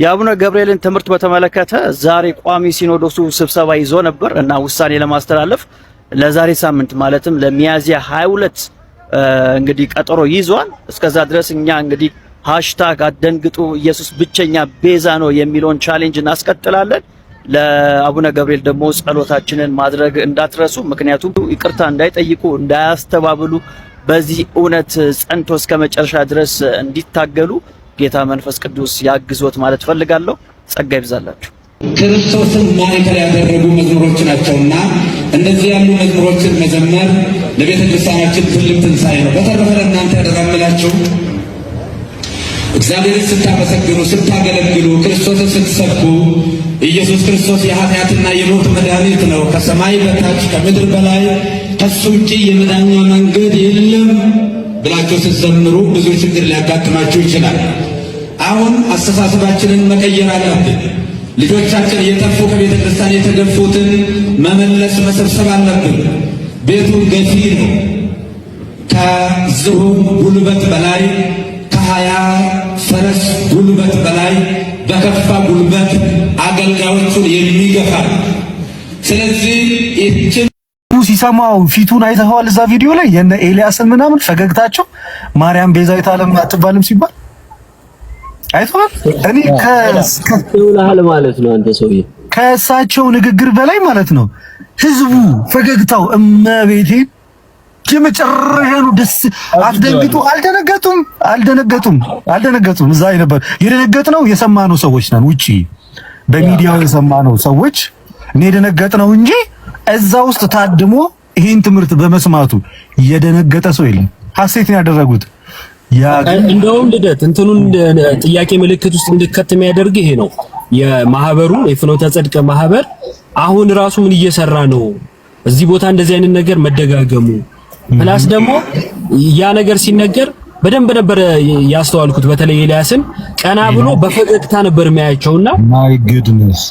የአቡነ ገብርኤልን ትምህርት በተመለከተ ዛሬ ቋሚ ሲኖዶሱ ስብሰባ ይዞ ነበር እና ውሳኔ ለማስተላለፍ ለዛሬ ሳምንት ማለትም ለሚያዝያ 22 እንግዲህ ቀጠሮ ይዟል። እስከዛ ድረስ እኛ እንግዲህ ሃሽታግ አደንግጡ ኢየሱስ ብቸኛ ቤዛ ነው የሚለውን ቻሌንጅ እናስቀጥላለን። ለአቡነ ገብርኤል ደግሞ ጸሎታችንን ማድረግ እንዳትረሱ፣ ምክንያቱም ይቅርታ እንዳይጠይቁ እንዳያስተባብሉ፣ በዚህ እውነት ጸንቶ እስከ መጨረሻ ድረስ እንዲታገሉ ጌታ መንፈስ ቅዱስ ያግዞት ማለት ፈልጋለሁ። ጸጋ ይብዛላችሁ። ክርስቶስን ማዕከል ያደረጉ መዝሙሮች ናቸውና እንደዚህ ያሉ መዝሙሮችን መዘመር ለቤተ ክርስቲያናችን ትልቅ ትንሣኤ ነው። በተረፈ ለእናንተ ያደራምላችሁ እግዚአብሔርን ስታመሰግኑ፣ ስታገለግሉ፣ ክርስቶስን ስትሰብኩ ኢየሱስ ክርስቶስ የኃጢአትና የሞት መድኃኒት ነው፣ ከሰማይ በታች ከምድር በላይ ከሱ ውጪ የመዳኛ መንገድ የለም ብላችሁ ስትዘምሩ ብዙ ችግር ሊያጋጥማችሁ ይችላል። አሁን አስተሳሰባችንን መቀየር አለብን። ልጆቻችን የጠፉ ከቤተ ክርስቲያን የተገፉትን መመለስ መሰብሰብ አለብን። ቤቱ ገፊ ነው። ከዝሁ ጉልበት በላይ ከሀያ ፈረስ ጉልበት በላይ በከፋ ጉልበት አገልጋዮቹን የሚገፋል። ስለዚህ ይችን ሲሰማው ፊቱን አይተኸዋል። እዛ ቪዲዮ ላይ የነ ኤልያስን ምናምን ፈገግታቸው ማርያም ቤዛዊት ዓለም አትባልም ሲባል አይተዋል። እኔ ከሁላል ማለት ነው አንተ ሰውዬ ከእሳቸው ንግግር በላይ ማለት ነው ህዝቡ ፈገግታው እመቤቴ የመጨረሻኑ ደስ አትደንግጡ። አልደነገጡም አልደነገጡም አልደነገጡም። እዛ ነበር የደነገጥነው የሰማነው ሰዎች ነን። ውጪ በሚዲያው የሰማነው ሰዎች እኔ የደነገጥነው እንጂ እዛ ውስጥ ታድሞ ይህን ትምህርት በመስማቱ የደነገጠ ሰው የለም። ሀሴትን ያደረጉት እንደውም ልደት እንትኑን ጥያቄ ምልክት ውስጥ እንድከት የሚያደርግ ይሄ ነው። የማህበሩ የፍኖተ ጽድቅ ማህበር አሁን ራሱ ምን እየሰራ ነው? እዚህ ቦታ እንደዚህ አይነት ነገር መደጋገሙ ፕላስ ደግሞ ያ ነገር ሲነገር በደንብ ነበር ያስተዋልኩት። በተለይ ኤልያስን ቀና ብሎ በፈገግታ ነበር የሚያያቸውና ማይ ጉድነስ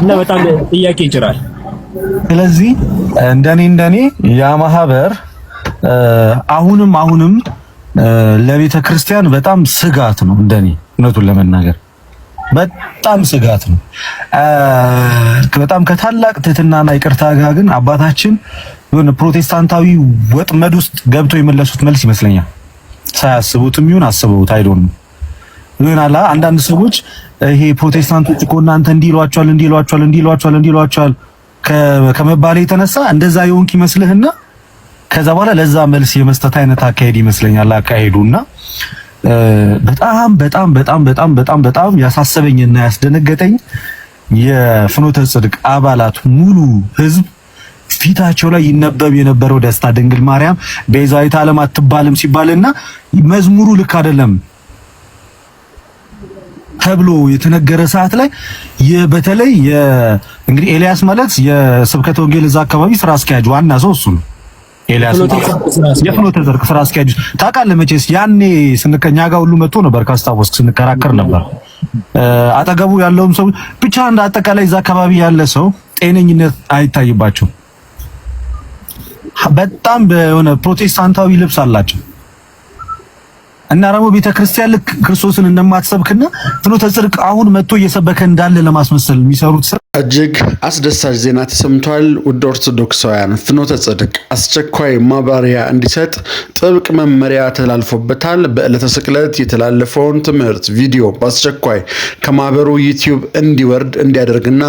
እና በጣም ጥያቄ ይጭራል። ስለዚህ እንደኔ እንደኔ ያ ማህበር አሁንም አሁንም ለቤተ ክርስቲያን በጣም ስጋት ነው። እንደኔ እውነቱን ለመናገር በጣም ስጋት ነው። በጣም ከታላቅ ትህትናና ይቅርታ ጋር ግን አባታችን የሆነ ፕሮቴስታንታዊ ወጥመድ ውስጥ ገብተው የመለሱት መልስ ይመስለኛል። ሳያስቡትም ይሁን አስበውት አይዶንም ይሆናል። አንዳንድ ሰዎች ይሄ ፕሮቴስታንቶች እኮ እናንተ እንዲሏቸዋል እንዲሏቸዋል እንዲሏቸዋል እንዲሏቸዋል ከመባል የተነሳ እንደዛ የሆንክ ይመስልህና ከዛ በኋላ ለዛ መልስ የመስጠት አይነት አካሄድ ይመስለኛል አካሄዱና በጣም በጣም በጣም በጣም በጣም በጣም ያሳሰበኝና ያስደነገጠኝ የፍኖተ ጽድቅ አባላት ሙሉ ህዝብ ፊታቸው ላይ ይነበብ የነበረው ደስታ ድንግል ማርያም ቤዛዊተ ዓለም አትባልም ሲባልና መዝሙሩ ልክ አይደለም። ተብሎ የተነገረ ሰዓት ላይ በተለይ እንግዲህ ኤልያስ ማለት የስብከተ ወንጌል እዛ አካባቢ ስራ አስኪያጅ ዋና ሰው እሱ ነው። ኤልያስ የፍኖተ ጽድቅ ስራ አስኪያጅ ታውቃለህ። መቼስ ያኔ ስንከኛ ጋር ሁሉ መጥቶ ነበር፣ ካስታወስክ ስንከራከር ነበር። አጠገቡ ያለውም ሰው ብቻ እንደ አጠቃላይ እዛ አካባቢ ያለ ሰው ጤነኝነት አይታይባቸው። በጣም በሆነ ፕሮቴስታንታዊ ልብስ አላቸው። እና ደግሞ ቤተክርስቲያን ልክ ክርስቶስን እንደማትሰብክና ፍኖተ ጽድቅ አሁን መጥቶ እየሰበከ እንዳለ ለማስመሰል የሚሰሩት እጅግ አስደሳች ዜና ተሰምቷል። ውድ ኦርቶዶክሳውያን ፍኖተ ጽድቅ አስቸኳይ ማብራሪያ እንዲሰጥ ጥብቅ መመሪያ ተላልፎበታል። በዕለተ ስቅለት የተላለፈውን ትምህርት ቪዲዮ በአስቸኳይ ከማህበሩ ዩቲዩብ እንዲወርድ እንዲያደርግና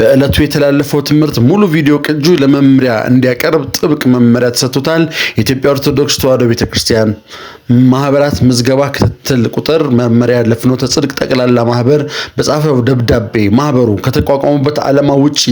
በዕለቱ የተላለፈው ትምህርት ሙሉ ቪዲዮ ቅጁ ለመምሪያ እንዲያቀርብ ጥብቅ መመሪያ ተሰጥቶታል። የኢትዮጵያ ኦርቶዶክስ ተዋሕዶ ቤተ ክርስቲያን ማህበራት ምዝገባ ክትትል ቁጥር መመሪያ ለፍኖተ ጽድቅ ጠቅላላ ማህበር በጻፈው ደብዳቤ ማህበሩ ከተቋቋሙ ከቆሙበት ዓላማ ውጪ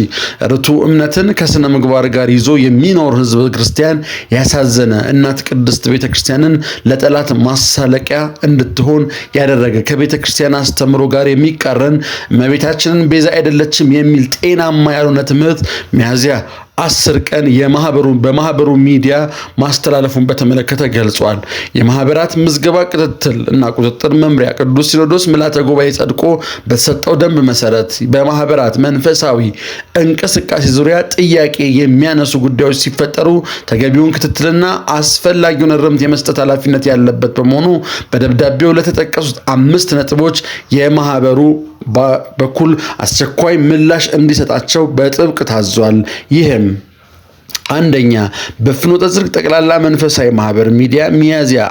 ርቱ እምነትን ከስነ ምግባር ጋር ይዞ የሚኖር ህዝበ ክርስቲያን ያሳዘነ፣ እናት ቅድስት ቤተ ክርስቲያንን ለጠላት ማሳለቂያ እንድትሆን ያደረገ፣ ከቤተ ክርስቲያን አስተምሮ ጋር የሚቃረን እመቤታችንን ቤዛ አይደለችም የሚል ጤናማ ያልሆነ ትምህርት ሚያዝያ አስር ቀን የማህበሩን በማህበሩ ሚዲያ ማስተላለፉን በተመለከተ ገልጿል። የማህበራት ምዝገባ ክትትል እና ቁጥጥር መምሪያ ቅዱስ ሲኖዶስ ምልዓተ ጉባኤ ጸድቆ በተሰጠው ደንብ መሰረት በማህበራት መንፈሳዊ እንቅስቃሴ ዙሪያ ጥያቄ የሚያነሱ ጉዳዮች ሲፈጠሩ ተገቢውን ክትትልና አስፈላጊውን እርምት የመስጠት ኃላፊነት ያለበት በመሆኑ በደብዳቤው ለተጠቀሱት አምስት ነጥቦች የማህበሩ በኩል አስቸኳይ ምላሽ እንዲሰጣቸው በጥብቅ ታዟል። ይህም አንደኛ በፍኖተ ጽድቅ ጠቅላላ መንፈሳዊ ማህበር ሚዲያ ሚያዝያ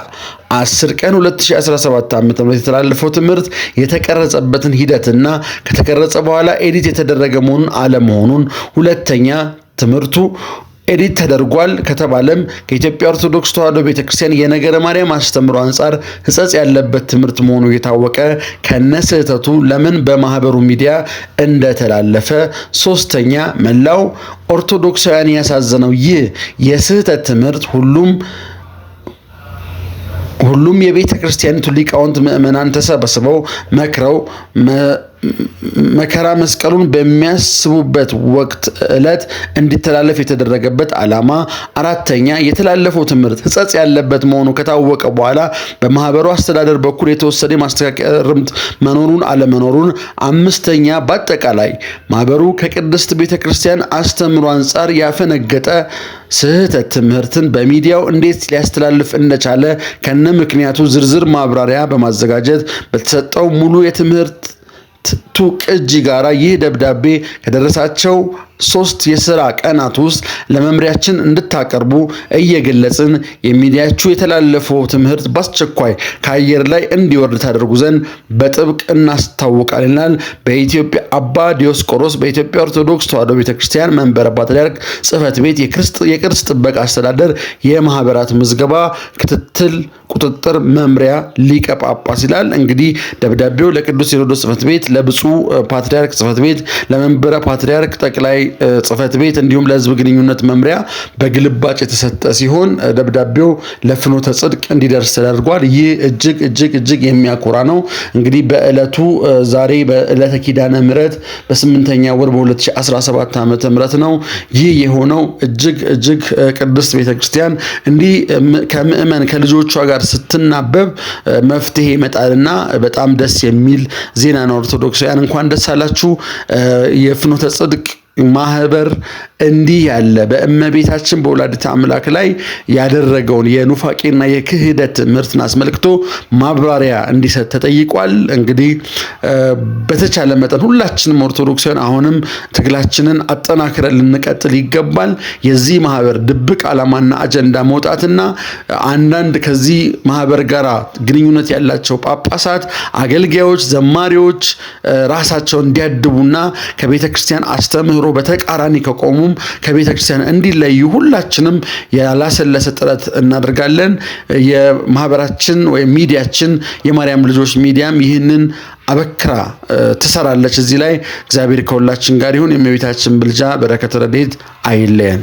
10 ቀን 2017 ዓ.ም የተላለፈው ትምህርት የተቀረጸበትን ሂደትና ከተቀረጸ በኋላ ኤዲት የተደረገ መሆኑን አለመሆኑን። ሁለተኛ ትምህርቱ ኤዲት ተደርጓል ከተባለም ከኢትዮጵያ ኦርቶዶክስ ተዋሕዶ ቤተክርስቲያን የነገረ ማርያም አስተምሮ አንጻር ሕጸጽ ያለበት ትምህርት መሆኑ የታወቀ ከነ ስህተቱ ለምን በማህበሩ ሚዲያ እንደተላለፈ። ሶስተኛ መላው ኦርቶዶክሳውያን ያሳዘነው ይህ የስህተት ትምህርት ሁሉም ሁሉም የቤተ ክርስቲያኒቱ ሊቃውንት ምእመናን ተሰብስበው መክረው መከራ መስቀሉን በሚያስቡበት ወቅት ዕለት እንዲተላለፍ የተደረገበት ዓላማ። አራተኛ የተላለፈው ትምህርት ሕጸጽ ያለበት መሆኑ ከታወቀ በኋላ በማህበሩ አስተዳደር በኩል የተወሰደ የማስተካከያ ርምት መኖሩን አለመኖሩን። አምስተኛ በአጠቃላይ ማህበሩ ከቅድስት ቤተ ክርስቲያን አስተምሮ አንጻር ያፈነገጠ ስህተት ትምህርትን በሚዲያው እንዴት ሊያስተላልፍ እንደቻለ ከነ ምክንያቱ ዝርዝር ማብራሪያ በማዘጋጀት በተሰጠው ሙሉ የትምህርት ቱ ቅጂ ጋር ይህ ደብዳቤ ከደረሳቸው ሶስት የስራ ቀናት ውስጥ ለመምሪያችን እንድታቀርቡ እየገለጽን የሚዲያችሁ የተላለፈው ትምህርት በአስቸኳይ ከአየር ላይ እንዲወርድ ታደርጉ ዘንድ በጥብቅ እናስታውቃልናል። በኢትዮጵያ አባ ዲዮስቆሮስ በኢትዮጵያ ኦርቶዶክስ ተዋሕዶ ቤተክርስቲያን መንበረ ፓትርያርክ ጽሕፈት ቤት የቅርስ ጥበቃ አስተዳደር የማህበራት ምዝገባ ክትትል ቁጥጥር መምሪያ ሊቀ ጳጳስ ይላል። እንግዲህ ደብዳቤው ለቅዱስ ሲኖዶስ ጽሕፈት ቤት ለብፁዕ ፓትርያርክ ጽህፈት ቤት፣ ለመንበረ ፓትርያርክ ጠቅላይ ጽህፈት ቤት እንዲሁም ለህዝብ ግንኙነት መምሪያ በግልባጭ የተሰጠ ሲሆን ደብዳቤው ለፍኖተ ጽድቅ እንዲደርስ ተደርጓል። ይህ እጅግ እጅግ እጅግ የሚያኮራ ነው። እንግዲህ በዕለቱ ዛሬ በዕለተ ኪዳነ ምሕረት በስምንተኛ ወር በ2017 ዓ ም ነው ይህ የሆነው። እጅግ እጅግ ቅድስት ቤተክርስቲያን እንዲህ ከምእመን ከልጆቿ ጋር ስትናበብ መፍትሄ ይመጣልና በጣም ደስ የሚል ዜና ነው። ኦርቶዶክሳውያን እንኳን ደስ አላችሁ። የፍኖተ ጽድቅ ማህበር እንዲህ ያለ በእመቤታችን በወላዲተ አምላክ ላይ ያደረገውን የኑፋቄና የክህደት ትምህርትን አስመልክቶ ማብራሪያ እንዲሰጥ ተጠይቋል። እንግዲህ በተቻለ መጠን ሁላችንም ኦርቶዶክሳውያን አሁንም ትግላችንን አጠናክረን ልንቀጥል ይገባል። የዚህ ማህበር ድብቅ ዓላማና አጀንዳ መውጣትና አንዳንድ ከዚህ ማህበር ጋር ግንኙነት ያላቸው ጳጳሳት፣ አገልጋዮች፣ ዘማሪዎች ራሳቸውን እንዲያድቡና ከቤተክርስቲያን ክርስቲያን አስተምህሮ ኑሮ በተቃራኒ ከቆሙም ከቤተ ክርስቲያን እንዲለዩ ሁላችንም ያላሰለሰ ጥረት እናደርጋለን። የማህበራችን ወይም ሚዲያችን የማርያም ልጆች ሚዲያም ይህንን አበክራ ትሰራለች። እዚህ ላይ እግዚአብሔር ከሁላችን ጋር ይሁን። የእመቤታችን ምልጃ በረከት፣ ረድኤት አይለየን።